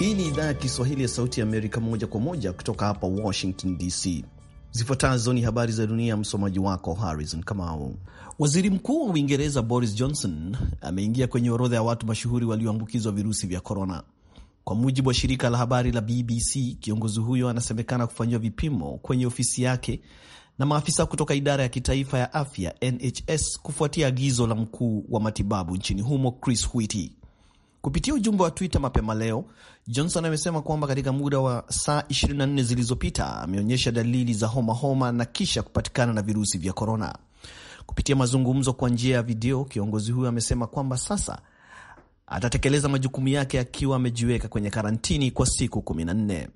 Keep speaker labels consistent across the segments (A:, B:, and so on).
A: Hii ni idhaa ya Kiswahili ya Sauti ya Amerika, moja kwa moja kutoka hapa Washington DC. Zifuatazo ni habari za dunia, msomaji wako Harrison Kamau. Waziri Mkuu wa Uingereza Boris Johnson ameingia kwenye orodha ya watu mashuhuri walioambukizwa virusi vya korona. Kwa mujibu wa shirika la habari la BBC, kiongozi huyo anasemekana kufanyiwa vipimo kwenye ofisi yake na maafisa kutoka idara ya kitaifa ya afya NHS kufuatia agizo la mkuu wa matibabu nchini humo Chris Whitty. Kupitia ujumbe wa Twitter mapema leo, Johnson amesema kwamba katika muda wa saa 24 zilizopita ameonyesha dalili za homa homa na kisha kupatikana na virusi vya korona. Kupitia mazungumzo kwa njia ya video, kiongozi huyo amesema kwamba sasa atatekeleza majukumu yake akiwa amejiweka kwenye karantini kwa siku 14.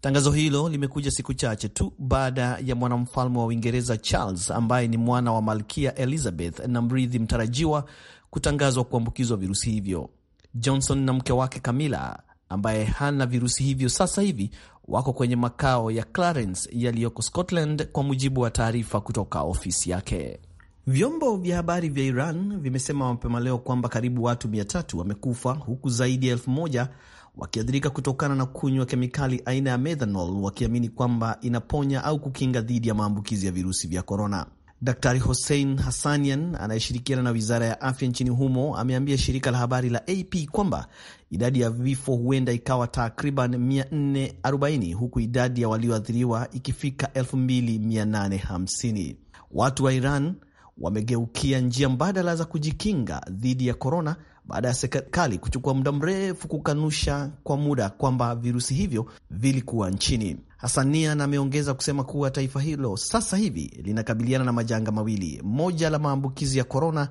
A: Tangazo hilo limekuja siku chache tu baada ya mwanamfalme wa Uingereza Charles ambaye ni mwana wa malkia Elizabeth na mrithi mtarajiwa kutangazwa kuambukizwa virusi hivyo. Johnson na mke wake camila ambaye hana virusi hivyo sasa hivi wako kwenye makao ya Clarence yaliyoko Scotland, kwa mujibu wa taarifa kutoka ofisi yake. Vyombo vya habari vya Iran vimesema mapema leo kwamba karibu watu 3 wamekufa huku zaidi ya elfu moja wakiathirika kutokana na kunywa kemikali aina ya methanol, wakiamini kwamba inaponya au kukinga dhidi ya maambukizi ya virusi vya korona. Daktari Hossein Hassanian anayeshirikiana na wizara ya afya nchini humo ameambia shirika la habari la AP kwamba idadi ya vifo huenda ikawa takriban 440 huku idadi ya walioathiriwa ikifika 2850. Watu wa Iran wamegeukia njia mbadala za kujikinga dhidi ya korona baada ya serikali kuchukua muda mrefu kukanusha kwa muda kwamba virusi hivyo vilikuwa nchini. Hasania ameongeza kusema kuwa taifa hilo sasa hivi linakabiliana na majanga mawili, moja la maambukizi ya korona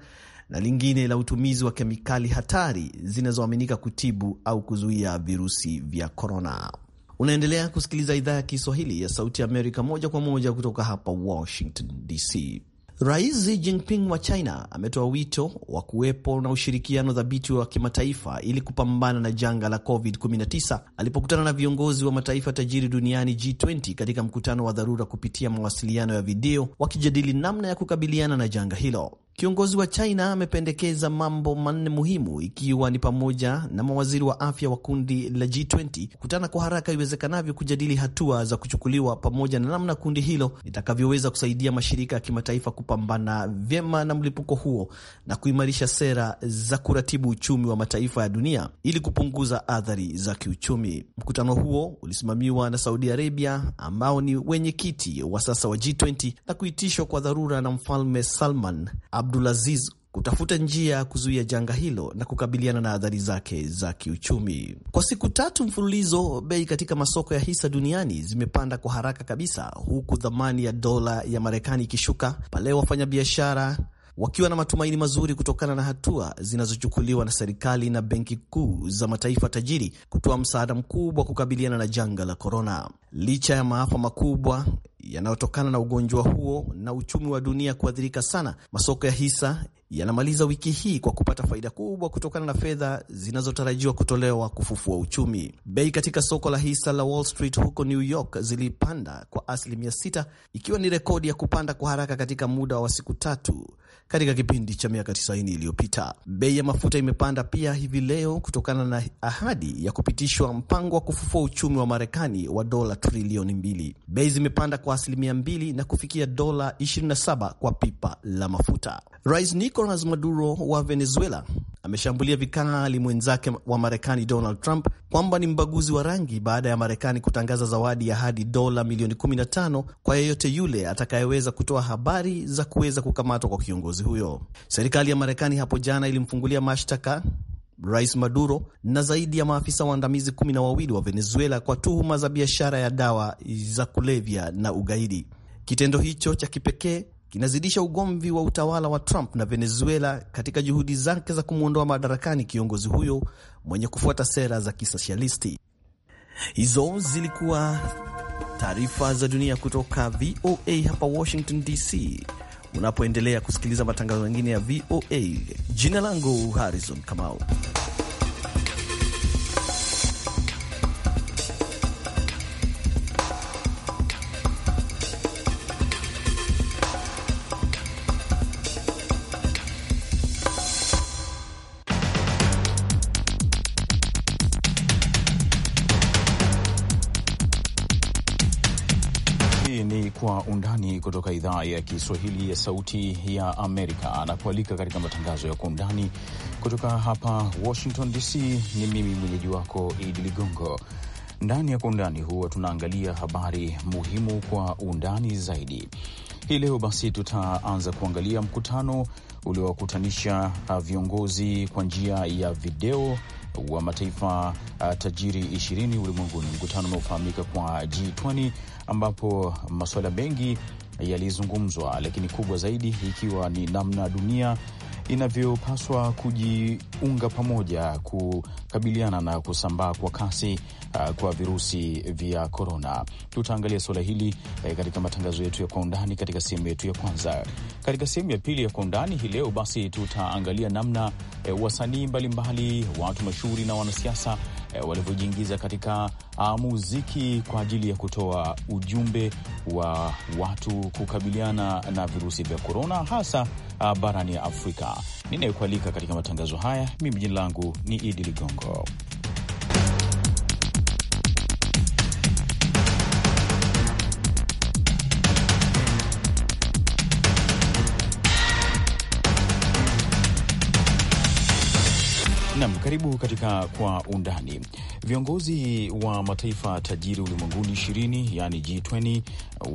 A: na lingine la utumizi wa kemikali hatari zinazoaminika kutibu au kuzuia virusi vya korona. Unaendelea kusikiliza idhaa ya Kiswahili ya Sauti ya Amerika moja kwa moja kutoka hapa Washington DC. Rais Xi Jinping wa China ametoa wito wa kuwepo na ushirikiano dhabiti wa kimataifa ili kupambana na janga la COVID-19 alipokutana na viongozi wa mataifa tajiri duniani G20 katika mkutano wa dharura kupitia mawasiliano ya video wakijadili namna ya kukabiliana na janga hilo. Kiongozi wa China amependekeza mambo manne muhimu, ikiwa ni pamoja na mawaziri wa afya wa kundi la G20 kukutana kwa haraka iwezekanavyo kujadili hatua za kuchukuliwa pamoja na namna kundi hilo litakavyoweza kusaidia mashirika ya kimataifa kupambana vyema na mlipuko huo na kuimarisha sera za kuratibu uchumi wa mataifa ya dunia ili kupunguza athari za kiuchumi. Mkutano huo ulisimamiwa na Saudi Arabia ambao ni wenyekiti wa sasa wa G20 na kuitishwa kwa dharura na Mfalme Salman Abdulaziz kutafuta njia ya kuzuia janga hilo na kukabiliana na adhari zake za kiuchumi. Kwa siku tatu mfululizo, bei katika masoko ya hisa duniani zimepanda kwa haraka kabisa, huku thamani ya dola ya Marekani ikishuka pale wafanyabiashara wakiwa na matumaini mazuri kutokana na hatua zinazochukuliwa na serikali na benki kuu za mataifa tajiri kutoa msaada mkubwa kukabiliana na janga la korona. Licha ya maafa makubwa yanayotokana na ugonjwa huo na uchumi wa dunia kuathirika sana. Masoko ya hisa yanamaliza wiki hii kwa kupata faida kubwa kutokana na fedha zinazotarajiwa kutolewa kufufua uchumi. Bei katika soko la hisa la Wall Street huko New York zilipanda kwa asilimia 6 ikiwa ni rekodi ya kupanda kwa haraka katika muda wa siku tatu katika kipindi cha miaka 90 iliyopita. Bei ya mafuta imepanda pia hivi leo kutokana na ahadi ya kupitishwa mpango wa kufufua uchumi wa Marekani wa dola trilioni mbili. Bei zimepanda kwa asilimia mbili na kufikia dola 27 kwa pipa la mafuta. Rais Nicolas Maduro wa Venezuela ameshambulia vikali mwenzake wa Marekani Donald Trump kwamba ni mbaguzi wa rangi baada ya Marekani kutangaza zawadi ya hadi dola milioni 15 kwa yeyote yule atakayeweza kutoa habari za kuweza kukamatwa kwa kiongozi huyo. Serikali ya Marekani hapo jana ilimfungulia mashtaka Rais Maduro na zaidi ya maafisa waandamizi kumi na wawili wa Venezuela kwa tuhuma za biashara ya dawa za kulevya na ugaidi. Kitendo hicho cha kipekee kinazidisha ugomvi wa utawala wa Trump na Venezuela katika juhudi zake za kumwondoa madarakani kiongozi huyo mwenye kufuata sera za kisosialisti. Hizo zilikuwa taarifa za dunia kutoka VOA hapa Washington DC, unapoendelea kusikiliza matangazo mengine ya VOA. Jina langu Harrison Kamau.
B: kutoka idhaa ya Kiswahili ya Sauti ya Amerika anakualika katika matangazo ya Kwa Undani kutoka hapa Washington DC. Ni mimi mwenyeji wako Idi Ligongo. Ndani ya Kwa Undani huwa tunaangalia habari muhimu kwa undani zaidi. Hii leo basi, tutaanza kuangalia mkutano uliowakutanisha uh, viongozi kwa njia ya video wa mataifa uh, tajiri ishirini ulimwenguni, mkutano unaofahamika kwa G20, ambapo masuala mengi yalizungumzwa, lakini kubwa zaidi ikiwa ni namna dunia inavyopaswa kujiunga pamoja kukabiliana na kusambaa kwa kasi uh, kwa virusi vya korona. Tutaangalia suala hili eh, katika matangazo yetu ya kwa undani katika sehemu yetu ya kwanza. Katika sehemu ya pili ya kwa undani hii leo, basi tutaangalia namna eh, wasanii mbalimbali, watu mashuhuri na wanasiasa Eh, walivyojiingiza katika uh, muziki kwa ajili ya kutoa ujumbe wa watu kukabiliana na virusi vya korona hasa uh, barani ya Afrika. Ninayekualika katika matangazo haya, mimi jina langu ni Idi
C: Ligongo.
B: Nam, karibu katika Kwa Undani. Viongozi wa mataifa tajiri ulimwenguni ishirini yaani G20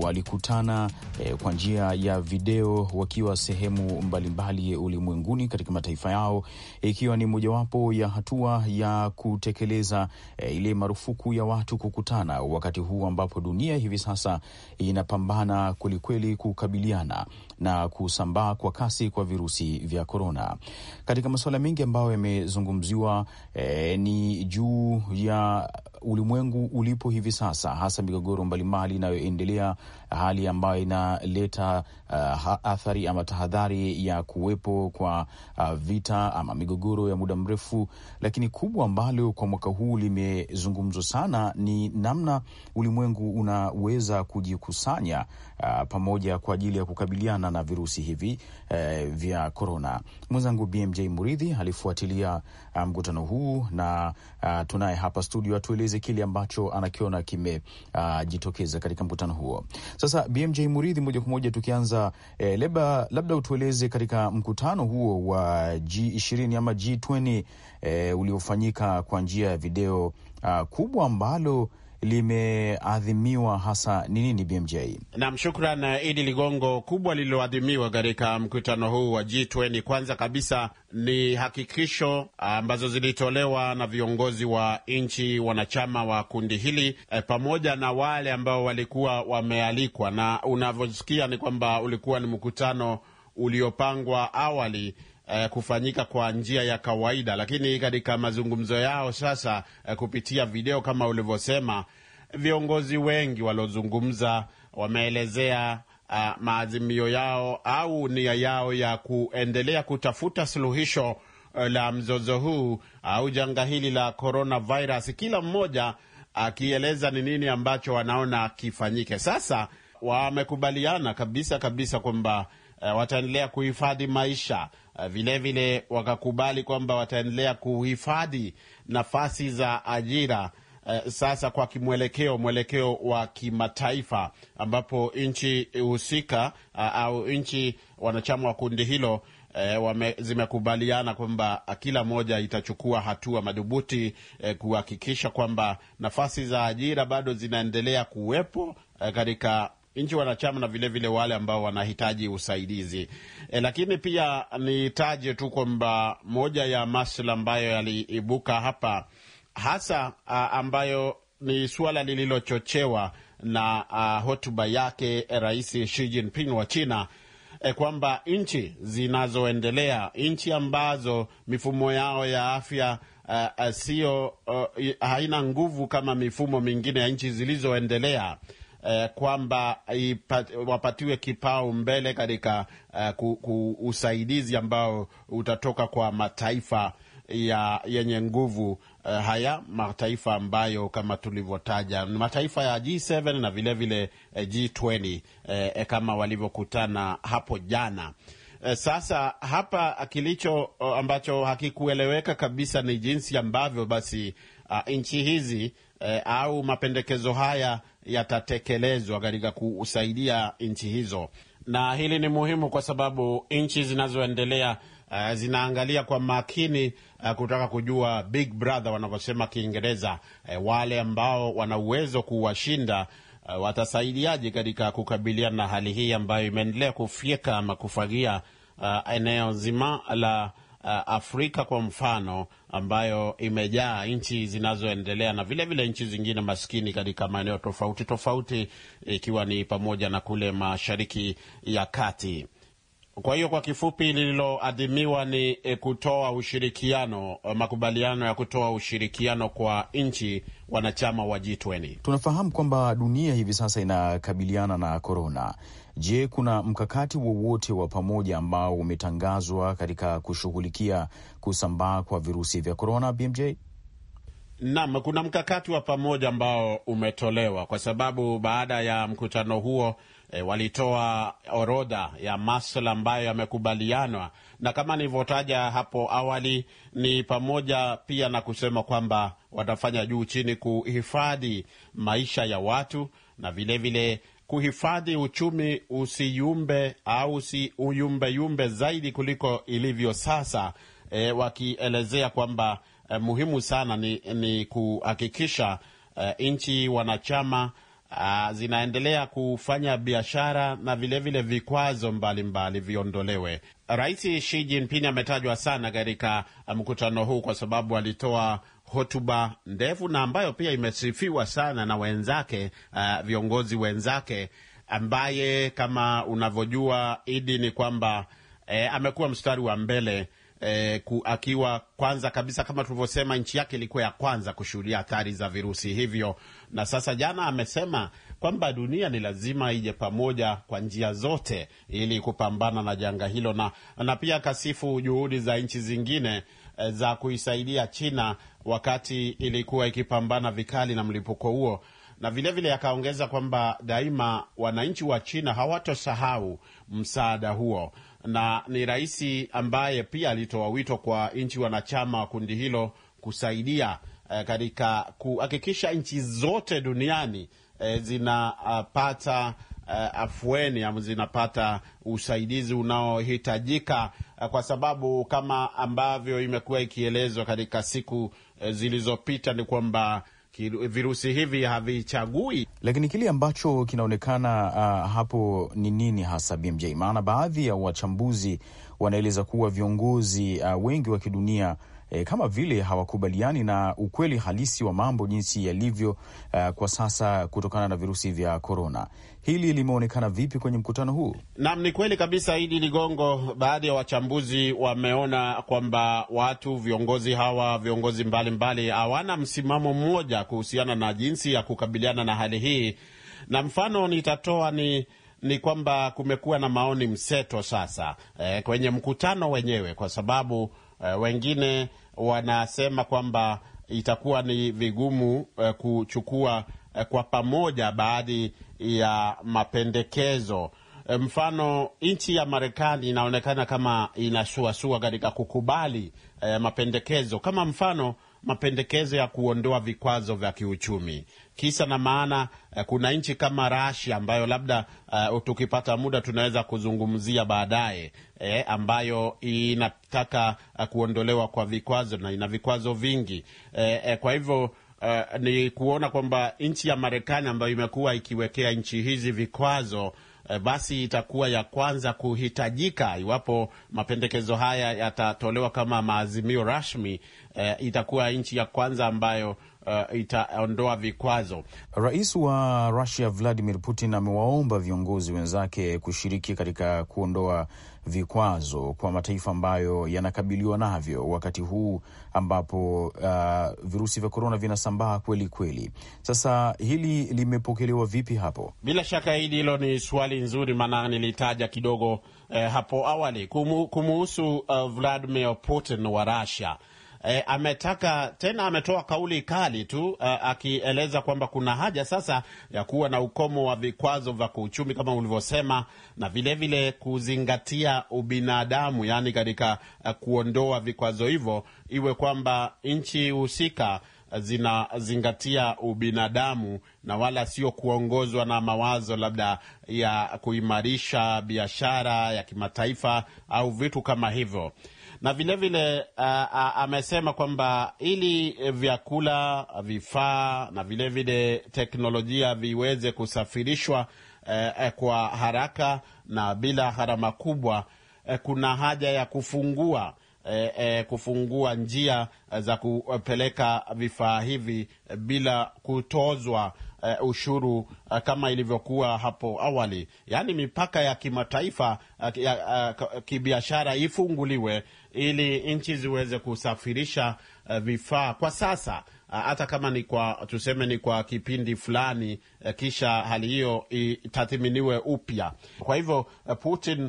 B: walikutana eh, kwa njia ya video wakiwa sehemu mbalimbali ulimwenguni katika mataifa yao, ikiwa ni mojawapo ya hatua ya kutekeleza eh, ile marufuku ya watu kukutana, wakati huu ambapo dunia hivi sasa inapambana kwelikweli kukabiliana na kusambaa kwa kasi kwa virusi vya korona. Katika masuala mengi ambayo yamezungumziwa, e, ni juu ya ulimwengu ulipo hivi sasa, hasa migogoro mbalimbali inayoendelea, hali ambayo inaleta uh, athari ama tahadhari ya kuwepo kwa uh, vita ama migogoro ya muda mrefu. Lakini kubwa ambalo kwa mwaka huu limezungumzwa sana ni namna ulimwengu unaweza kujikusanya uh, pamoja kwa ajili ya kukabiliana na virusi hivi uh, vya korona. Mwenzangu BMJ Muridhi alifuatilia uh, mkutano um, huu na uh, tunaye hapa studio atueleze tueleze kile ambacho anakiona kimejitokeza uh, katika mkutano huo. Sasa BMJ Muridhi, moja kwa moja tukianza, eh, leba, labda utueleze katika mkutano huo wa G20 ama G20 eh, uliofanyika kwa njia ya video uh, kubwa ambalo limeadhimiwa hasa ni nini, BMJ?
C: Nam, shukran eh, Idi Ligongo. Kubwa lililoadhimiwa katika mkutano huu wa G20 kwanza kabisa ni hakikisho eh, ambazo zilitolewa na viongozi wa nchi wanachama wa kundi hili e, pamoja na wale ambao walikuwa wamealikwa, na unavyosikia ni kwamba ulikuwa ni mkutano uliopangwa awali eh, kufanyika kwa njia ya kawaida, lakini katika mazungumzo yao sasa eh, kupitia video kama ulivyosema, viongozi wengi waliozungumza wameelezea uh, maazimio yao au nia yao ya kuendelea kutafuta suluhisho eh, la mzozo huu au janga hili la coronavirus, kila mmoja akieleza ni nini ambacho wanaona kifanyike. Sasa wamekubaliana kabisa kabisa kwamba uh, wataendelea kuhifadhi maisha uh, eh, vilevile wakakubali kwamba wataendelea kuhifadhi nafasi za ajira uh, sasa kwa kimwelekeo mwelekeo wa kimataifa ambapo nchi husika uh, au nchi wanachama wa kundi hilo E, wame, zimekubaliana kwamba kila moja itachukua hatua madhubuti e, kuhakikisha kwamba nafasi za ajira bado zinaendelea kuwepo e, katika nchi wanachama na vilevile vile wale ambao wanahitaji usaidizi e, lakini pia nitaje tu kwamba moja ya masuala ambayo yaliibuka hapa hasa a, ambayo ni suala lililochochewa na a, hotuba yake eh, Rais Xi Jinping wa China e, kwamba nchi zinazoendelea, nchi ambazo mifumo yao ya afya siyo sio haina nguvu kama mifumo mingine ya nchi zilizoendelea eh, kwamba wapatiwe kipao mbele katika eh, usaidizi ambao utatoka kwa mataifa ya yenye nguvu eh, haya mataifa ambayo kama tulivyotaja ni mataifa ya G7 na vilevile vile, eh, G20 eh, kama walivyokutana hapo jana. Eh, sasa hapa kilicho eh, ambacho hakikueleweka kabisa ni jinsi ambavyo basi uh, nchi hizi uh, au mapendekezo haya yatatekelezwa katika kusaidia nchi hizo. Na hili ni muhimu kwa sababu nchi zinazoendelea uh, zinaangalia kwa makini uh, kutaka kujua big brother wanavyosema Kiingereza, uh, wale ambao wana uwezo kuwashinda uh, watasaidiaje katika kukabiliana na hali hii ambayo imeendelea kufyeka ama kufagia uh, eneo zima la Uh, Afrika kwa mfano, ambayo imejaa nchi zinazoendelea na vilevile nchi zingine maskini katika maeneo tofauti tofauti, ikiwa ni pamoja na kule Mashariki ya Kati. Kwa hiyo kwa kifupi, lililoadhimiwa ni eh, kutoa ushirikiano, eh, makubaliano ya kutoa ushirikiano kwa nchi wanachama wa G20.
B: Tunafahamu kwamba dunia hivi sasa inakabiliana na korona Je, kuna mkakati wowote wa pamoja ambao umetangazwa katika kushughulikia kusambaa kwa virusi vya korona, BMJ?
C: Naam, kuna mkakati wa pamoja ambao umetolewa kwa sababu baada ya mkutano huo e, walitoa orodha ya masuala ambayo yamekubalianwa, na kama nilivyotaja hapo awali ni pamoja pia na kusema kwamba watafanya juu chini kuhifadhi maisha ya watu na vilevile vile kuhifadhi uchumi usiyumbe au usiyumbeyumbe zaidi kuliko ilivyo sasa, e, wakielezea kwamba e, muhimu sana ni, ni kuhakikisha e, nchi wanachama a, zinaendelea kufanya biashara na vilevile vile vikwazo mbalimbali viondolewe. Rais Xi Jinping ametajwa sana katika e, mkutano huu kwa sababu alitoa hotuba ndefu na ambayo pia imesifiwa sana na wenzake, uh, viongozi wenzake, ambaye kama unavyojua Idi ni kwamba eh, amekuwa mstari wa mbele eh, ku, akiwa kwanza kabisa kama tulivyosema, nchi yake ilikuwa ya kwanza kushuhudia athari za virusi hivyo, na sasa jana amesema kwamba dunia ni lazima ije pamoja kwa njia zote ili kupambana na janga hilo, na, na pia kasifu juhudi za nchi zingine Eh, za kuisaidia China wakati ilikuwa ikipambana vikali na mlipuko huo, na vilevile akaongeza kwamba daima wananchi wa China hawatosahau msaada huo, na ni rais ambaye pia alitoa wito kwa nchi wanachama wa kundi hilo kusaidia eh, katika kuhakikisha nchi zote duniani eh, zinapata uh, uh, afueni zinapata usaidizi unaohitajika uh, kwa sababu kama ambavyo imekuwa ikielezwa katika siku uh, zilizopita ni kwamba virusi hivi havichagui. Lakini kile ambacho
B: kinaonekana uh, hapo ni nini hasa, BMJ? Maana baadhi ya wachambuzi wanaeleza kuwa viongozi uh, wengi wa kidunia e, kama vile hawakubaliani na ukweli halisi wa mambo jinsi yalivyo uh, kwa sasa kutokana na virusi vya korona. Hili limeonekana vipi kwenye mkutano huu?
C: Naam, ni kweli kabisa, Idi Ligongo. Baadhi ya wachambuzi wameona kwamba watu viongozi hawa viongozi mbalimbali hawana msimamo mmoja kuhusiana na jinsi ya kukabiliana na hali hii, na mfano nitatoa ni ni kwamba kumekuwa na maoni mseto sasa, e, kwenye mkutano wenyewe kwa sababu Uh, wengine wanasema kwamba itakuwa ni vigumu uh, kuchukua uh, kwa pamoja baadhi ya mapendekezo. Mfano, nchi ya Marekani inaonekana kama inasuasua katika kukubali uh, mapendekezo kama mfano mapendekezo ya kuondoa vikwazo vya kiuchumi kisa na maana uh, kuna nchi kama Rasia ambayo labda uh, tukipata muda tunaweza kuzungumzia baadaye eh, ambayo inataka uh, kuondolewa kwa vikwazo na ina vikwazo vingi eh, eh, kwa hivyo Uh, ni kuona kwamba nchi ya Marekani ambayo imekuwa ikiwekea nchi hizi vikwazo basi itakuwa ya kwanza kuhitajika iwapo mapendekezo haya yatatolewa kama maazimio rasmi eh, itakuwa nchi ya kwanza ambayo uh, itaondoa vikwazo.
B: Rais wa Rusia Vladimir Putin amewaomba viongozi wenzake kushiriki katika kuondoa vikwazo kwa mataifa ambayo yanakabiliwa navyo wakati huu ambapo uh, virusi vya korona vinasambaa kweli kweli. Sasa hili limepokelewa vipi hapo?
C: Bila shaka hilo ni swali nzuri, maana nilitaja kidogo eh, hapo awali kumuhusu uh, Vladimir Putin wa Russia e, ametaka tena, ametoa kauli kali tu a, eh, akieleza kwamba kuna haja sasa ya kuwa na ukomo wa vikwazo vya kiuchumi kama ulivyosema, na vilevile vile kuzingatia ubinadamu, yaani katika eh, kuondoa vikwazo hivyo iwe kwamba nchi husika zinazingatia ubinadamu na wala sio kuongozwa na mawazo labda ya kuimarisha biashara ya kimataifa au vitu kama hivyo na vilevile vile, uh, amesema kwamba ili vyakula, vifaa na vilevile vile teknolojia viweze kusafirishwa uh, kwa haraka na bila gharama kubwa uh, kuna haja ya kufungua E, e, kufungua njia za kupeleka vifaa hivi bila kutozwa e, ushuru kama ilivyokuwa hapo awali. Yaani mipaka ya kimataifa kibiashara ifunguliwe ili nchi ziweze kusafirisha uh, vifaa kwa sasa ah, hata uh, kama ni kwa tuseme ni kwa kipindi fulani uh, kisha hali hiyo itathiminiwe upya. Kwa hivyo uh, Putin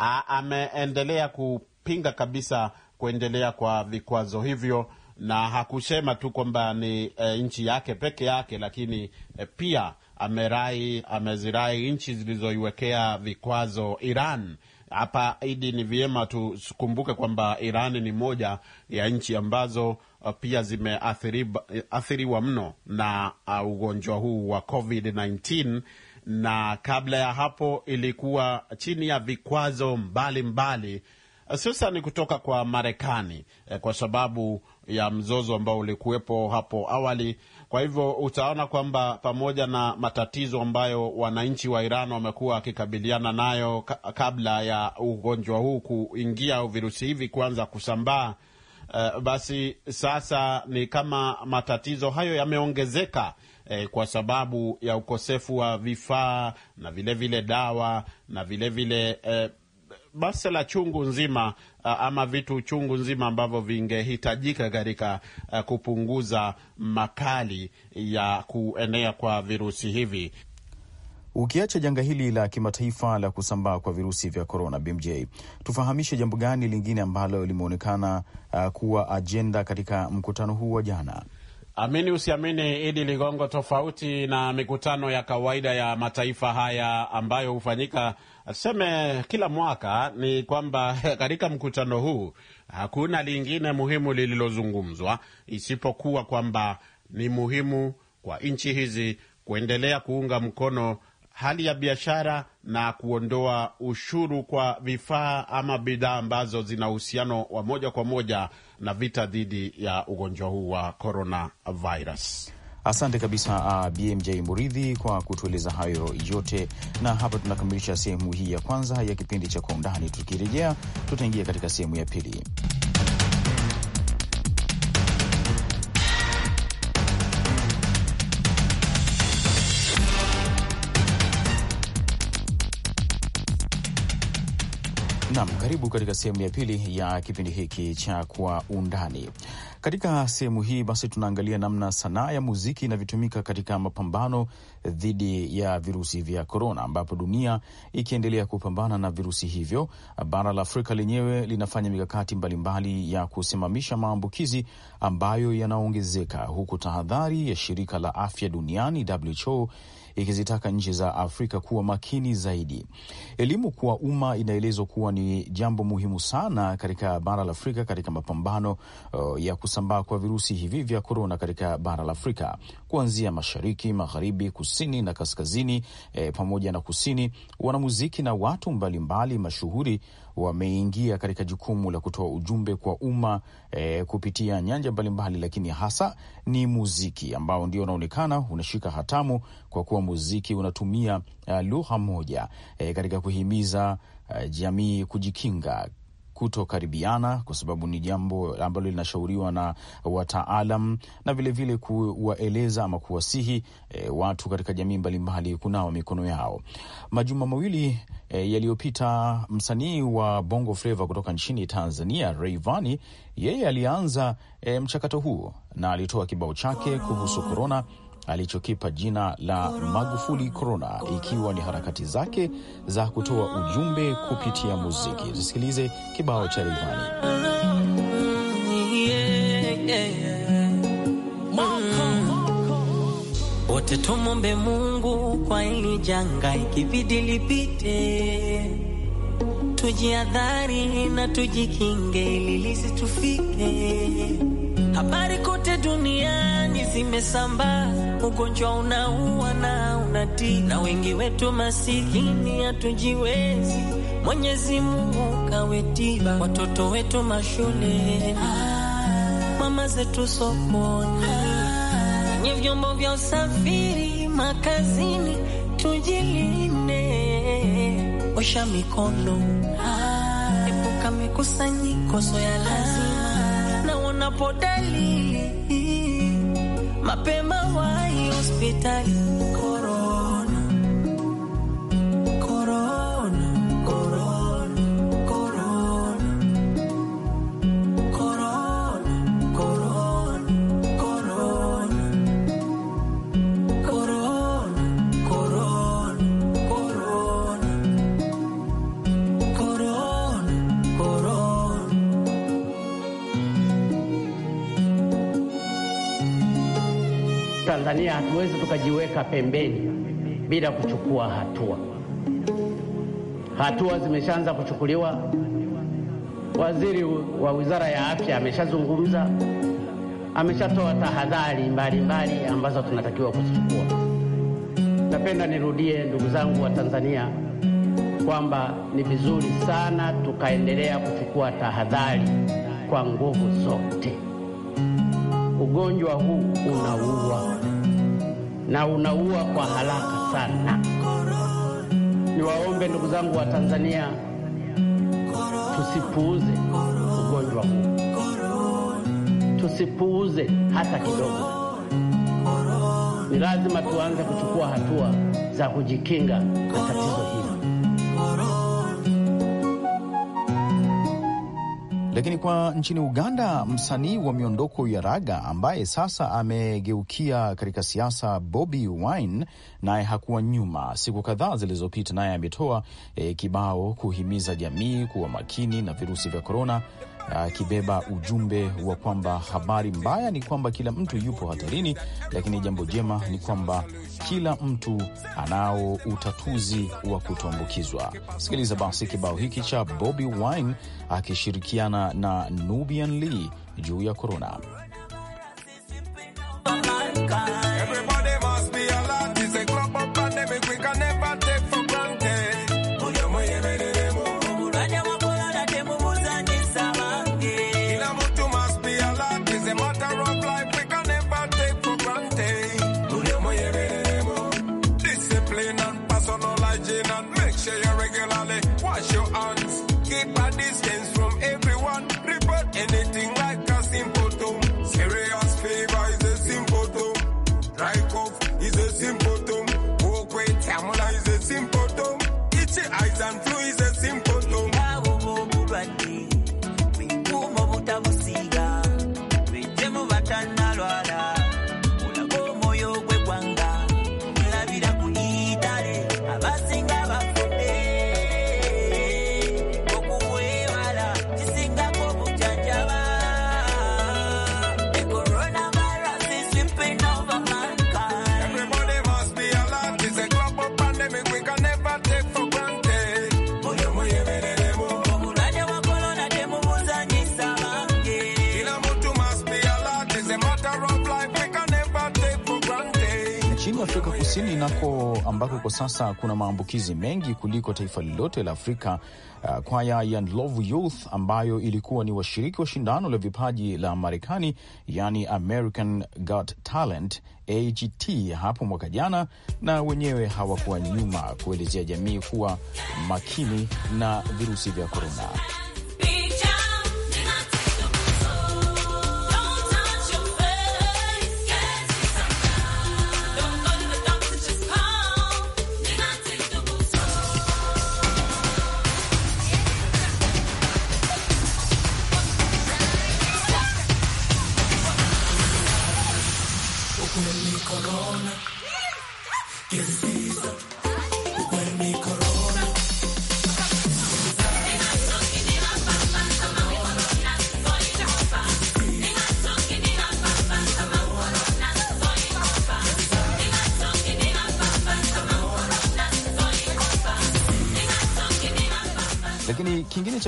C: uh, ameendelea kupinga kabisa kuendelea kwa vikwazo hivyo na hakusema tu kwamba ni e, nchi yake peke yake, lakini e, pia amerai amezirai nchi zilizoiwekea vikwazo Iran hapa Idi, ni vyema tukumbuke kwamba Irani ni moja ya nchi ambazo uh, pia zimeathiriwa mno na uh, ugonjwa huu wa COVID-19 na kabla ya hapo ilikuwa chini ya vikwazo mbalimbali hususan kutoka kwa Marekani eh, kwa sababu ya mzozo ambao ulikuwepo hapo awali kwa hivyo utaona kwamba pamoja na matatizo ambayo wananchi wa Iran wamekuwa wakikabiliana nayo kabla ya ugonjwa huu kuingia au virusi hivi kuanza kusambaa, uh, basi sasa ni kama matatizo hayo yameongezeka eh, kwa sababu ya ukosefu wa vifaa na vilevile vile dawa na vilevile vile, eh, masala chungu nzima uh, ama vitu chungu nzima ambavyo vingehitajika katika uh, kupunguza makali ya kuenea kwa virusi hivi.
B: Ukiacha janga hili la kimataifa la kusambaa kwa virusi vya korona, BMJ, tufahamishe jambo gani lingine ambalo limeonekana uh, kuwa ajenda katika mkutano huu wa
C: jana? Amini usiamini, Idi Ligongo, tofauti na mikutano ya kawaida ya mataifa haya ambayo hufanyika tuseme kila mwaka, ni kwamba katika mkutano huu hakuna lingine muhimu lililozungumzwa isipokuwa kwamba ni muhimu kwa nchi hizi kuendelea kuunga mkono hali ya biashara na kuondoa ushuru kwa vifaa ama bidhaa ambazo zina uhusiano wa moja kwa moja na vita dhidi ya ugonjwa huu wa coronavirus. Asante kabisa uh, BMJ Muridhi kwa kutueleza hayo
B: yote, na hapa tunakamilisha sehemu hii ya kwanza ya kipindi cha Kwa Undani. Tukirejea tutaingia katika sehemu ya pili. Nam, karibu katika sehemu ya pili ya kipindi hiki cha Kwa Undani. Katika sehemu hii basi, tunaangalia namna sanaa ya muziki inavyotumika katika mapambano dhidi ya virusi vya korona, ambapo dunia ikiendelea kupambana na virusi hivyo, bara la Afrika lenyewe linafanya mikakati mbalimbali ya kusimamisha maambukizi ambayo yanaongezeka, huku tahadhari ya shirika la afya duniani WHO ikizitaka nchi za Afrika kuwa makini zaidi. Elimu kwa umma inaelezwa kuwa ni jambo muhimu sana katika bara la Afrika katika mapambano uh, ya kusambaa kwa virusi hivi vya korona katika bara la Afrika kuanzia mashariki, magharibi, kusini na kaskazini, eh, pamoja na kusini. Wanamuziki na watu mbalimbali mashuhuri wameingia katika jukumu la kutoa ujumbe kwa umma e, kupitia nyanja mbalimbali, lakini hasa ni muziki ambao ndio unaonekana unashika hatamu kwa kuwa muziki unatumia eh, lugha moja e, katika kuhimiza jamii kujikinga kutokaribiana, kwa sababu ni jambo ambalo linashauriwa na wataalam, na vilevile kuwaeleza ama kuwasihi e, watu katika jamii mbalimbali kunawa mikono yao. Majuma mawili e, yaliyopita msanii wa Bongo Flava kutoka nchini Tanzania Rayvanny, yeye alianza e, mchakato huo na alitoa kibao chake kuhusu korona alichokipa jina la Magufuli Corona, ikiwa ni harakati zake za kutoa ujumbe kupitia muziki. Tusikilize kibao cha Rivani.
D: Wote tumombe Mungu kwa ili janga ikibidi lipite, tujiadhari na tujikinge ili lisitufike. Habari kote duniani zimesambaa ugonjwa unaua na unati, na wengi wetu masikini hatujiwezi. Mwenyezi Mungu kawetiba watoto wetu mashuleni, mama zetu sokoni, wenye vyombo vya usafiri, makazini, tujiline, osha mikono, epuka mikusanyiko ya lazima na dalili mapema wahi hospitali
C: Tanzania hatuwezi tukajiweka pembeni bila kuchukua hatua. Hatua zimeshaanza kuchukuliwa. Waziri wa Wizara ya Afya ameshazungumza, ameshatoa tahadhari mbalimbali ambazo tunatakiwa kuzichukua. Napenda nirudie, ndugu zangu wa Tanzania, kwamba ni vizuri sana tukaendelea kuchukua tahadhari kwa nguvu zote. Ugonjwa huu unaua na unaua kwa haraka sana. Niwaombe ndugu zangu wa Tanzania, tusipuuze ugonjwa huu, tusipuuze hata kidogo. Ni lazima tuanze kuchukua hatua za kujikinga na tatizo hili.
B: Lakini kwa nchini Uganda, msanii wa miondoko ya raga ambaye sasa amegeukia katika siasa, Bobi Wine, naye hakuwa nyuma. Siku kadhaa zilizopita, naye ametoa e, kibao kuhimiza jamii kuwa makini na virusi vya korona akibeba uh, ujumbe wa kwamba habari mbaya ni kwamba kila mtu yupo hatarini, lakini jambo jema ni kwamba kila mtu anao utatuzi wa kutoambukizwa. Sikiliza basi kibao hiki cha Bobby Wine akishirikiana na Nubian Lee juu ya korona. Kusini nako ambako kwa sasa kuna maambukizi mengi kuliko taifa lolote la Afrika. Uh, kwaya ya Ndlovu Youth ambayo ilikuwa ni washiriki wa shindano la vipaji la Marekani, yani American Got Talent AGT hapo mwaka jana, na wenyewe hawakuwa nyuma kuelezea jamii kuwa makini na virusi vya korona.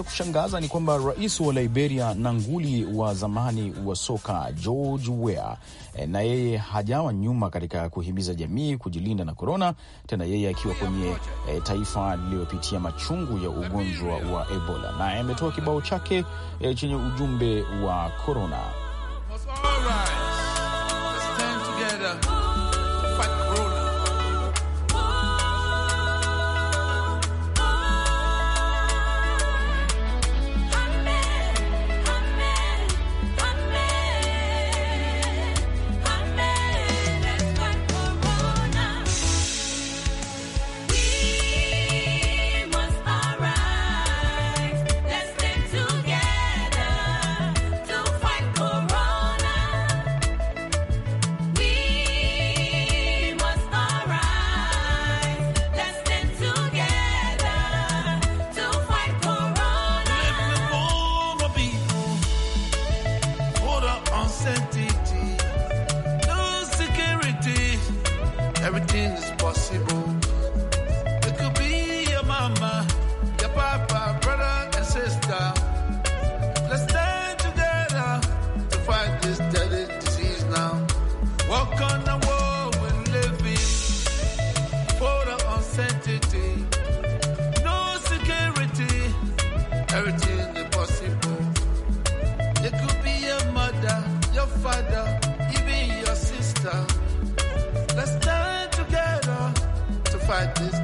B: cha kushangaza ni kwamba rais wa Liberia na nguli wa zamani wa soka George Weah eh, na yeye hajawa nyuma katika kuhimiza jamii kujilinda na korona, tena yeye akiwa kwenye e, taifa lililopitia machungu ya ugonjwa wa Ebola, na ametoa kibao chake e, chenye ujumbe wa korona.
E: Walk on the wall we're living for the uncertainty. No security, everything is possible. It could be your mother, your father, even your sister. Let's stand together to fight this.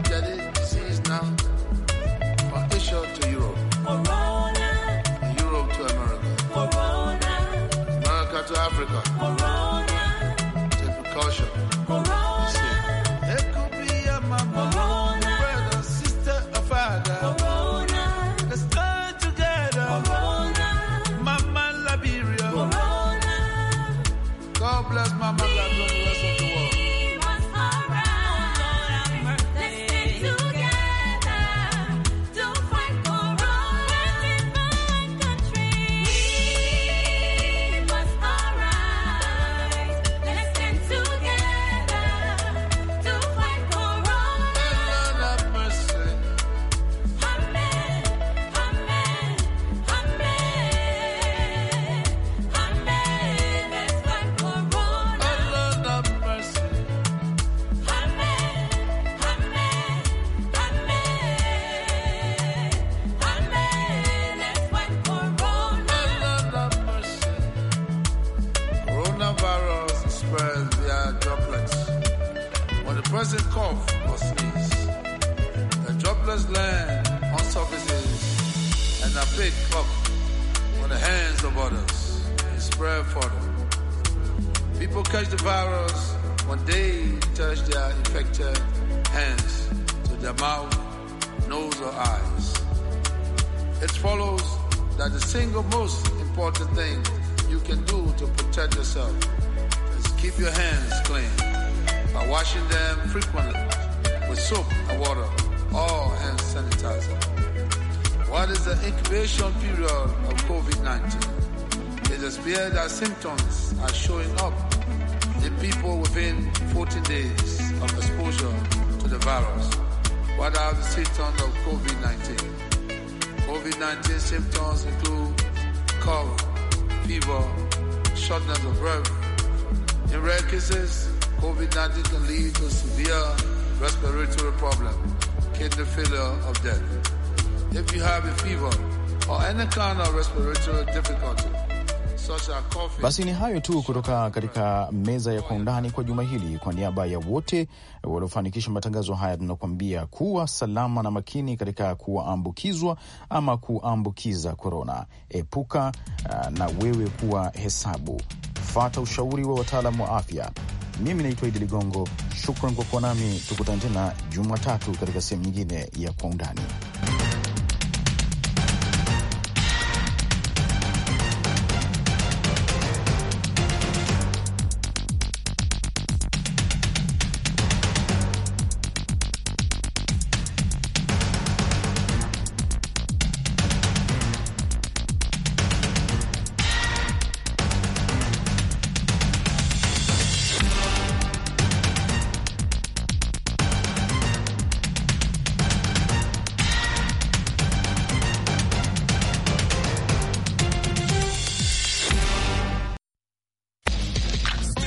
E: It follows that the single most important thing you can do to protect yourself is keep your hands clean by washing them frequently with soap and water or hand sanitizer. What is the incubation period of COVID 19? is appears that symptoms are showing up in people within 14 days of exposure to the virus. What are the symptoms of COVID 19? COVID-19 symptoms include cough, fever, shortness of breath. In rare cases, COVID-19 can lead to severe respiratory problems, kidney failure or death. If you have a fever or any kind of respiratory difficulty, Basi ni
B: hayo tu kutoka katika meza ya Kwa Undani kwa juma hili. Kwa niaba ya wote waliofanikisha matangazo haya, tunakuambia kuwa salama na makini katika kuwaambukizwa ama kuambukiza korona. Epuka uh, na wewe kuwa hesabu, fata ushauri wa wataalamu wa afya. Mimi naitwa Idi Ligongo, shukran kwa kuwa nami. Tukutane tena Jumatatu katika sehemu nyingine ya Kwa Undani.